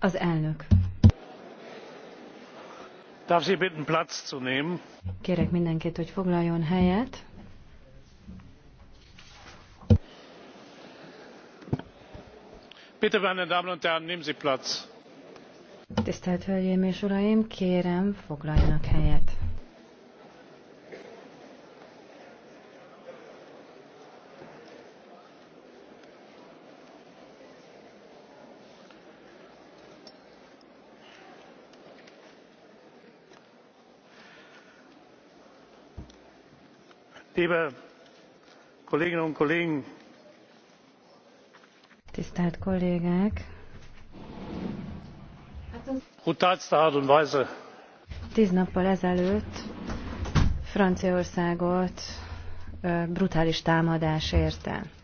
Az elnök. Darf Sie bitten, Platz zu nehmen? Kérek mindenkit, hogy foglaljon helyet. Bitte, meine Damen und Herren, nehmen Sie Platz. Tisztelt Hölgyeim és Uraim, kérem, foglaljanak helyet. liebe kolleginnen und kollegen! tisztelt kollégák! brutálster art und weise tz nappal ezelőtt franciaországot brutális támadás érte.